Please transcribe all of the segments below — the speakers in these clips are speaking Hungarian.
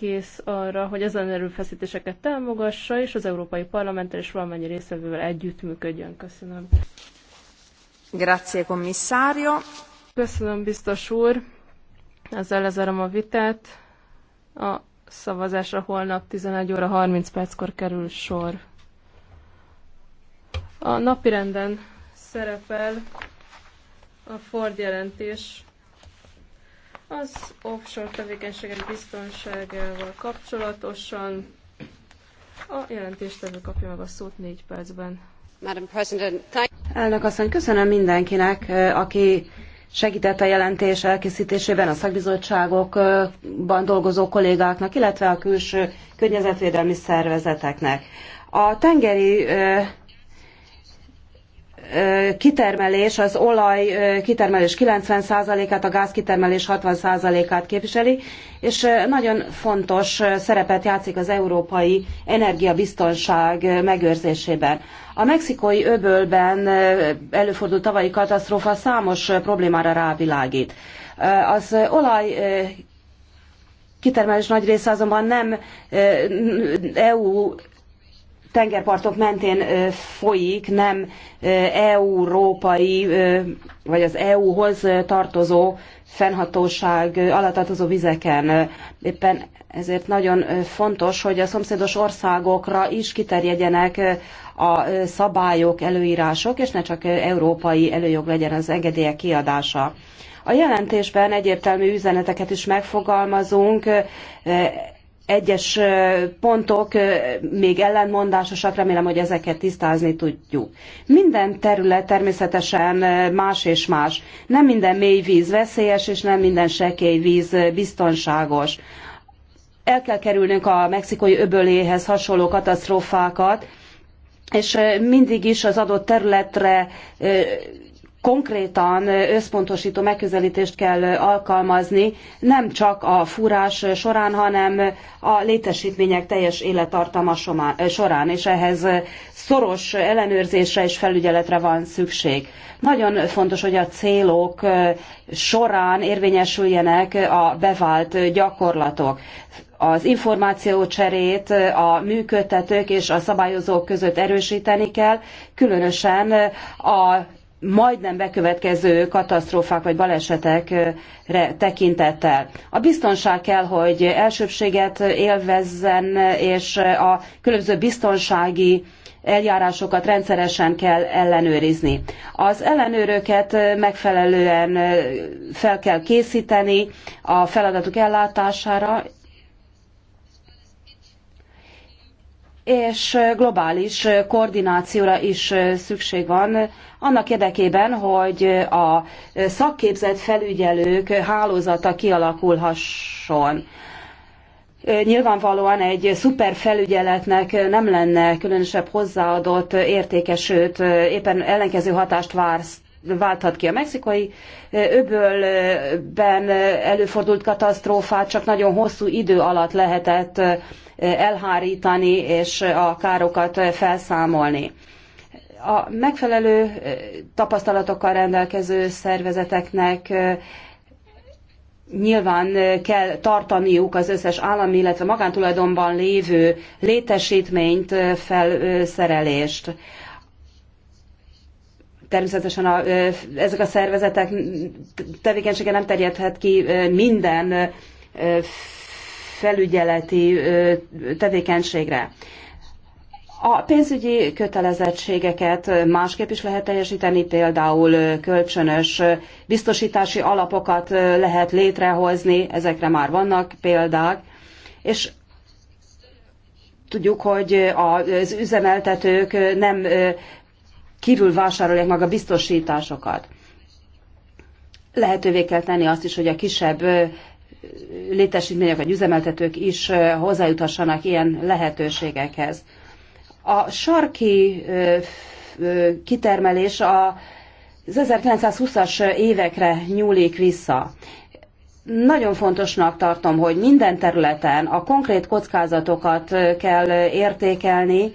kész arra, hogy ezen erőfeszítéseket támogassa, és az Európai Parlamenttel és valamennyi részvevővel együttműködjön. Köszönöm. Grazie, commissario. Köszönöm, biztos úr. Ezzel lezárom a vitát. A szavazásra holnap 11 óra 30 perckor kerül sor. A napirenden szerepel a Ford jelentés az offshore tevékenységek biztonságával kapcsolatosan. A jelentéstevő kapja meg a szót négy percben. Madam President, thank Elnök asszony, köszönöm mindenkinek, aki segített a jelentés elkészítésében a szakbizottságokban dolgozó kollégáknak, illetve a külső környezetvédelmi szervezeteknek. A tengeri kitermelés, az olaj kitermelés 90%-át, a gáz kitermelés 60%-át képviseli, és nagyon fontos szerepet játszik az európai energiabiztonság megőrzésében. A mexikói öbölben előfordult tavalyi katasztrófa számos problémára rávilágít. Az olaj kitermelés nagy része azonban nem EU tengerpartok mentén folyik, nem európai, vagy az EU-hoz tartozó fennhatóság alatt tartozó vizeken. Éppen ezért nagyon fontos, hogy a szomszédos országokra is kiterjedjenek a szabályok, előírások, és ne csak európai előjog legyen az engedélyek kiadása. A jelentésben egyértelmű üzeneteket is megfogalmazunk, egyes pontok még ellentmondásosak, remélem, hogy ezeket tisztázni tudjuk. Minden terület természetesen más és más. Nem minden mély víz veszélyes, és nem minden sekély víz biztonságos. El kell kerülnünk a mexikai öböléhez hasonló katasztrófákat, és mindig is az adott területre konkrétan összpontosító megközelítést kell alkalmazni, nem csak a fúrás során, hanem a létesítmények teljes élettartama során, és ehhez szoros ellenőrzésre és felügyeletre van szükség. Nagyon fontos, hogy a célok során érvényesüljenek a bevált gyakorlatok az információcserét a működtetők és a szabályozók között erősíteni kell, különösen a majdnem bekövetkező katasztrófák vagy balesetekre tekintettel. A biztonság kell, hogy elsőbséget élvezzen, és a különböző biztonsági eljárásokat rendszeresen kell ellenőrizni. Az ellenőröket megfelelően fel kell készíteni a feladatuk ellátására, és globális koordinációra is szükség van annak érdekében, hogy a szakképzett felügyelők hálózata kialakulhasson. Nyilvánvalóan egy szuper felügyeletnek nem lenne különösebb hozzáadott értéke, sőt éppen ellenkező hatást vársz válthat ki a mexikai öbölben előfordult katasztrófát, csak nagyon hosszú idő alatt lehetett elhárítani és a károkat felszámolni. A megfelelő tapasztalatokkal rendelkező szervezeteknek nyilván kell tartaniuk az összes állami, illetve magántulajdonban lévő létesítményt, felszerelést természetesen a, ezek a szervezetek tevékenysége nem terjedhet ki minden felügyeleti tevékenységre. A pénzügyi kötelezettségeket másképp is lehet teljesíteni, például kölcsönös biztosítási alapokat lehet létrehozni, ezekre már vannak példák, és tudjuk, hogy az üzemeltetők nem kívül vásárolják meg a biztosításokat. Lehetővé kell tenni azt is, hogy a kisebb létesítmények vagy üzemeltetők is hozzájuthassanak ilyen lehetőségekhez. A sarki kitermelés az 1920-as évekre nyúlik vissza. Nagyon fontosnak tartom, hogy minden területen a konkrét kockázatokat kell értékelni,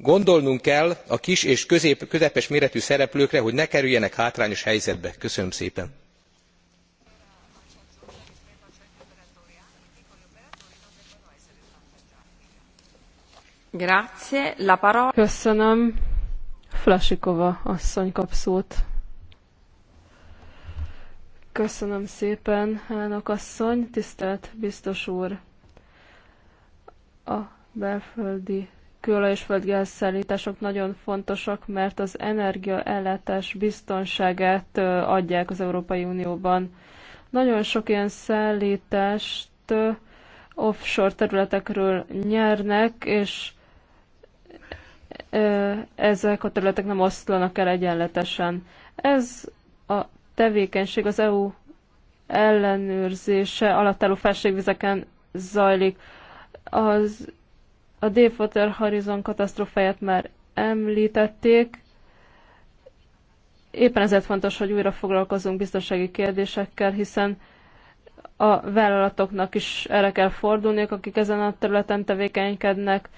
gondolnunk kell a kis és közepes méretű szereplőkre hogy ne kerüljenek hátrányos helyzetbe. köszönöm szépen! Köszönöm. Flasikova asszony kap szót. Köszönöm szépen, elnök asszony, tisztelt biztos úr. A belföldi kőolaj és földgáz szállítások nagyon fontosak, mert az energiaellátás biztonságát adják az Európai Unióban. Nagyon sok ilyen szállítást offshore területekről nyernek, és ezek a területek nem oszlanak el egyenletesen. Ez a tevékenység az EU ellenőrzése alatt álló felségvizeken zajlik. Az a Deepwater Horizon katasztrófáját már említették. Éppen ezért fontos, hogy újra foglalkozunk biztonsági kérdésekkel, hiszen a vállalatoknak is erre kell fordulniuk, akik ezen a területen tevékenykednek.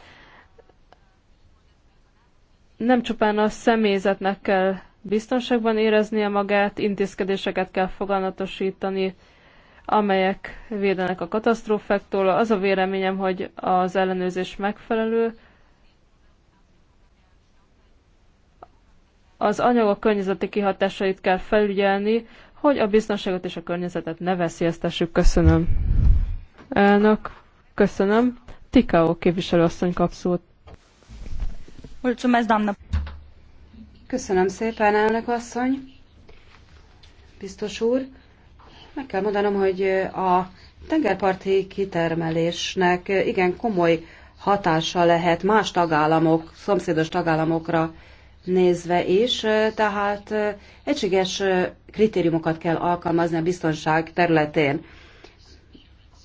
Nem csupán a személyzetnek kell biztonságban éreznie magát, intézkedéseket kell foganatosítani, amelyek védenek a katasztrófektól. Az a véleményem, hogy az ellenőrzés megfelelő. Az anyagok környezeti kihatásait kell felügyelni, hogy a biztonságot és a környezetet ne veszélyeztessük. Köszönöm. Elnök, köszönöm. Tikao képviselőasszony kap szót. Köszönöm szépen, elnök asszony. Biztos úr. Meg kell mondanom, hogy a tengerparti kitermelésnek igen komoly hatása lehet más tagállamok, szomszédos tagállamokra nézve is, tehát egységes kritériumokat kell alkalmazni a biztonság területén.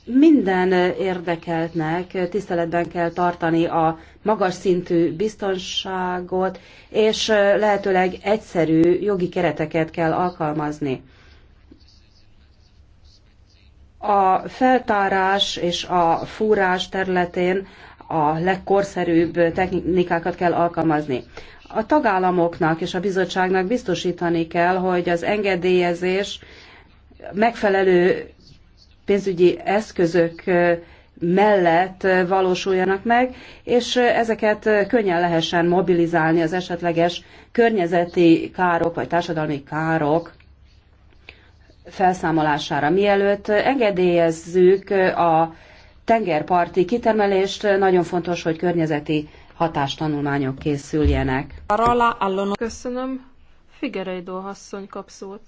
Minden érdekeltnek tiszteletben kell tartani a magas szintű biztonságot, és lehetőleg egyszerű jogi kereteket kell alkalmazni a feltárás és a fúrás területén a legkorszerűbb technikákat kell alkalmazni. A tagállamoknak és a bizottságnak biztosítani kell, hogy az engedélyezés megfelelő pénzügyi eszközök mellett valósuljanak meg, és ezeket könnyen lehessen mobilizálni az esetleges környezeti károk vagy társadalmi károk felszámolására. Mielőtt engedélyezzük a tengerparti kitermelést, nagyon fontos, hogy környezeti hatástanulmányok készüljenek. Köszönöm. Figereidó asszony kap szót.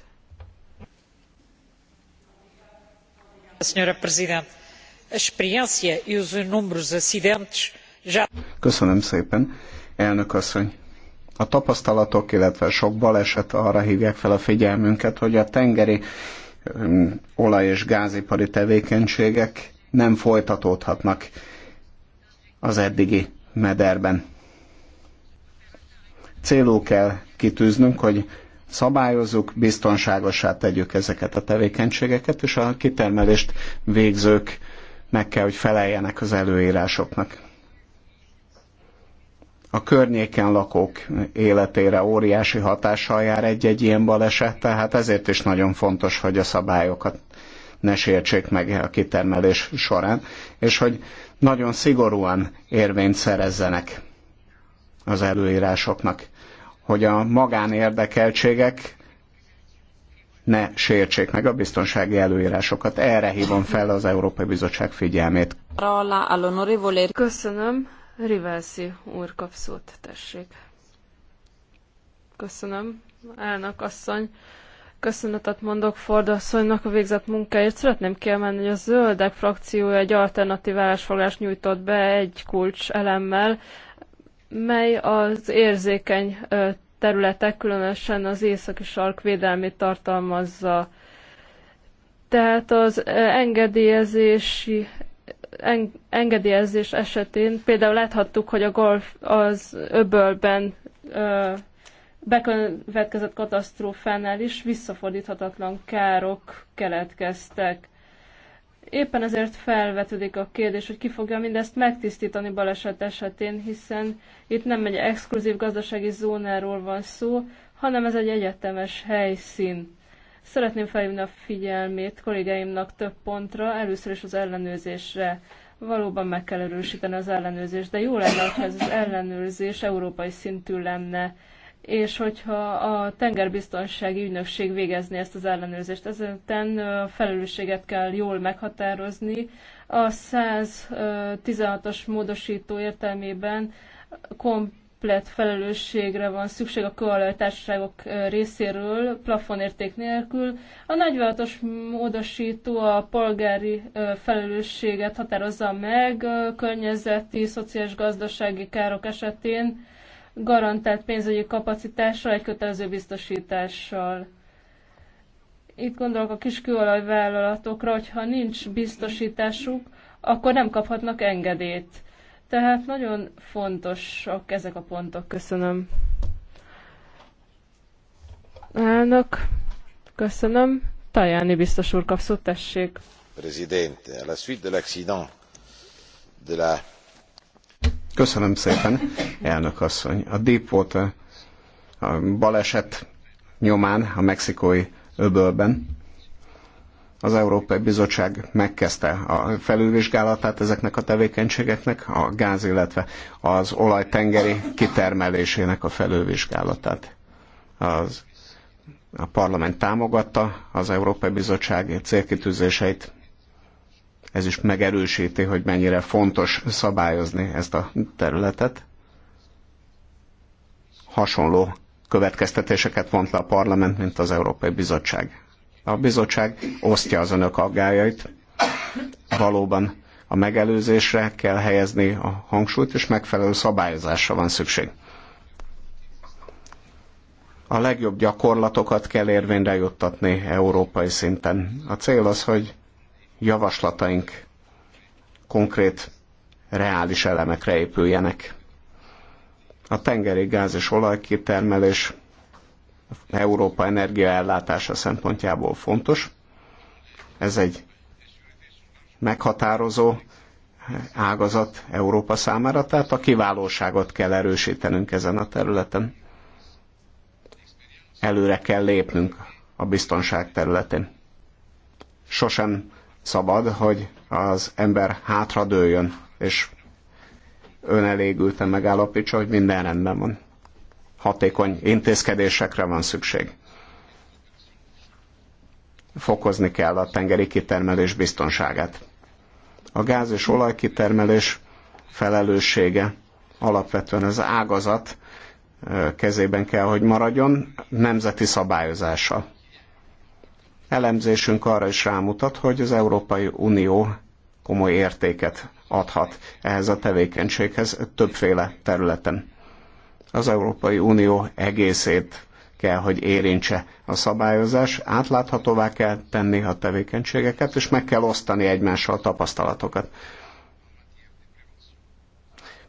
E Köszönöm szépen, elnök asszony. A tapasztalatok, illetve sok baleset arra hívják fel a figyelmünket, hogy a tengeri olaj- és gázipari tevékenységek nem folytatódhatnak az eddigi mederben. Célul kell kitűznünk, hogy szabályozzuk, biztonságosá tegyük ezeket a tevékenységeket, és a kitermelést végzők meg kell, hogy feleljenek az előírásoknak a környéken lakók életére óriási hatással jár egy-egy ilyen baleset, tehát ezért is nagyon fontos, hogy a szabályokat ne sértsék meg a kitermelés során, és hogy nagyon szigorúan érvényt szerezzenek az előírásoknak, hogy a magánérdekeltségek ne sértsék meg a biztonsági előírásokat. Erre hívom fel az Európai Bizottság figyelmét. Köszönöm. Rivelszi úr kap szót, tessék. Köszönöm, elnök asszony. Köszönetet mondok Ford asszonynak a végzett munkáért. Szeretném kiemelni, hogy a zöldek frakciója egy alternatív állásfoglalást nyújtott be egy kulcs elemmel, mely az érzékeny területek, különösen az északi sark védelmét tartalmazza. Tehát az engedélyezési engedélyezés esetén például láthattuk, hogy a golf az öbölben ö, bekövetkezett katasztrófánál is visszafordíthatatlan károk keletkeztek. Éppen ezért felvetődik a kérdés, hogy ki fogja mindezt megtisztítani baleset esetén, hiszen itt nem egy exkluzív gazdasági zónáról van szó, hanem ez egy egyetemes helyszín. Szeretném felhívni a figyelmét kollégáimnak több pontra, először is az ellenőrzésre. Valóban meg kell erősíteni az ellenőrzést, de jó lenne, ha ez az ellenőrzés európai szintű lenne, és hogyha a tengerbiztonsági ügynökség végezni ezt az ellenőrzést. a felelősséget kell jól meghatározni. A 116-os módosító értelmében komp komplet felelősségre van szükség a koaláltársaságok részéről, plafonérték nélkül. A 46-os módosító a polgári felelősséget határozza meg környezeti, szociális, gazdasági károk esetén garantált pénzügyi kapacitással, egy kötelező biztosítással. Itt gondolok a kis kőolajvállalatokra, hogyha nincs biztosításuk, akkor nem kaphatnak engedélyt tehát nagyon fontosak ezek a pontok. Köszönöm. Elnök, köszönöm. Tajáni biztos úr kap szót, tessék. Presidente, a la suite de l'accident de la... Köszönöm szépen, elnök asszony. A Deepwater a baleset nyomán a mexikói öbölben az Európai Bizottság megkezdte a felülvizsgálatát ezeknek a tevékenységeknek, a gáz, illetve az olajtengeri kitermelésének a felülvizsgálatát. Az, a parlament támogatta az Európai Bizottság célkitűzéseit. Ez is megerősíti, hogy mennyire fontos szabályozni ezt a területet. Hasonló következtetéseket vont le a parlament, mint az Európai Bizottság a bizottság osztja az önök aggájait. Valóban a megelőzésre kell helyezni a hangsúlyt, és megfelelő szabályozásra van szükség. A legjobb gyakorlatokat kell érvényre juttatni európai szinten. A cél az, hogy javaslataink konkrét, reális elemekre épüljenek. A tengeri gáz és olajkitermelés Európa energiaellátása szempontjából fontos. Ez egy meghatározó ágazat Európa számára, tehát a kiválóságot kell erősítenünk ezen a területen. Előre kell lépnünk a biztonság területén. Sosem szabad, hogy az ember hátradőljön, és önelégülten megállapítsa, hogy minden rendben van hatékony intézkedésekre van szükség. Fokozni kell a tengeri kitermelés biztonságát. A gáz és olajkitermelés felelőssége alapvetően az ágazat kezében kell, hogy maradjon nemzeti szabályozása. Elemzésünk arra is rámutat, hogy az Európai Unió komoly értéket adhat ehhez a tevékenységhez többféle területen az Európai Unió egészét kell, hogy érintse a szabályozás, átláthatóvá kell tenni a tevékenységeket, és meg kell osztani egymással a tapasztalatokat.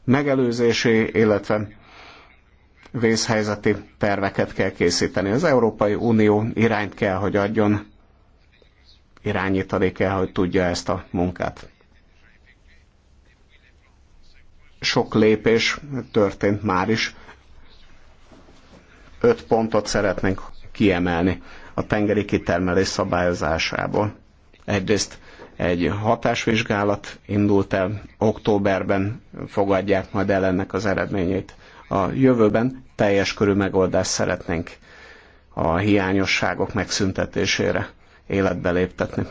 Megelőzési, illetve vészhelyzeti terveket kell készíteni. Az Európai Unió irányt kell, hogy adjon, irányítani kell, hogy tudja ezt a munkát. Sok lépés történt már is öt pontot szeretnénk kiemelni a tengeri kitermelés szabályozásából. Egyrészt egy hatásvizsgálat indult el, októberben fogadják majd el ennek az eredményét. A jövőben teljes körű megoldást szeretnénk a hiányosságok megszüntetésére életbe léptetni.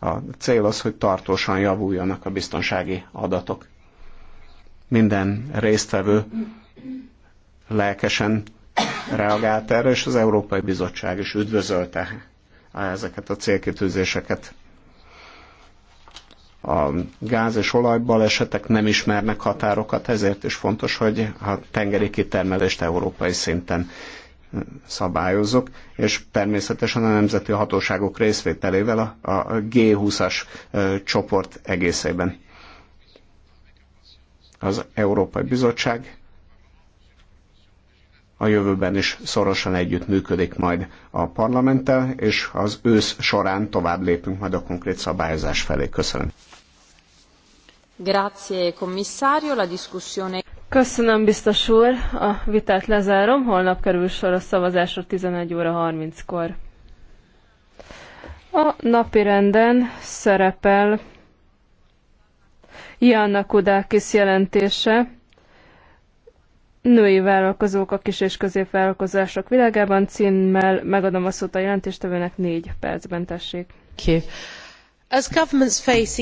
A cél az, hogy tartósan javuljanak a biztonsági adatok. Minden résztvevő lelkesen reagált erre, és az Európai Bizottság is üdvözölte ezeket a célkitűzéseket. A gáz és olajbalesetek nem ismernek határokat, ezért is fontos, hogy a tengeri kitermelést európai szinten szabályozok, és természetesen a nemzeti hatóságok részvételével a, a G20-as csoport egészében. Az Európai Bizottság a jövőben is szorosan együttműködik majd a parlamenttel, és az ősz során tovább lépünk majd a konkrét szabályozás felé. Köszönöm. Grazie, commissario. La discussione... Köszönöm, biztos úr. A vitát lezárom. Holnap kerül sor a szavazásra 11 óra 30-kor. A renden szerepel Janna Kudákis jelentése női vállalkozók a kis- és középvállalkozások világában címmel megadom a szót a jelentéstevőnek négy percben tessék. As governments face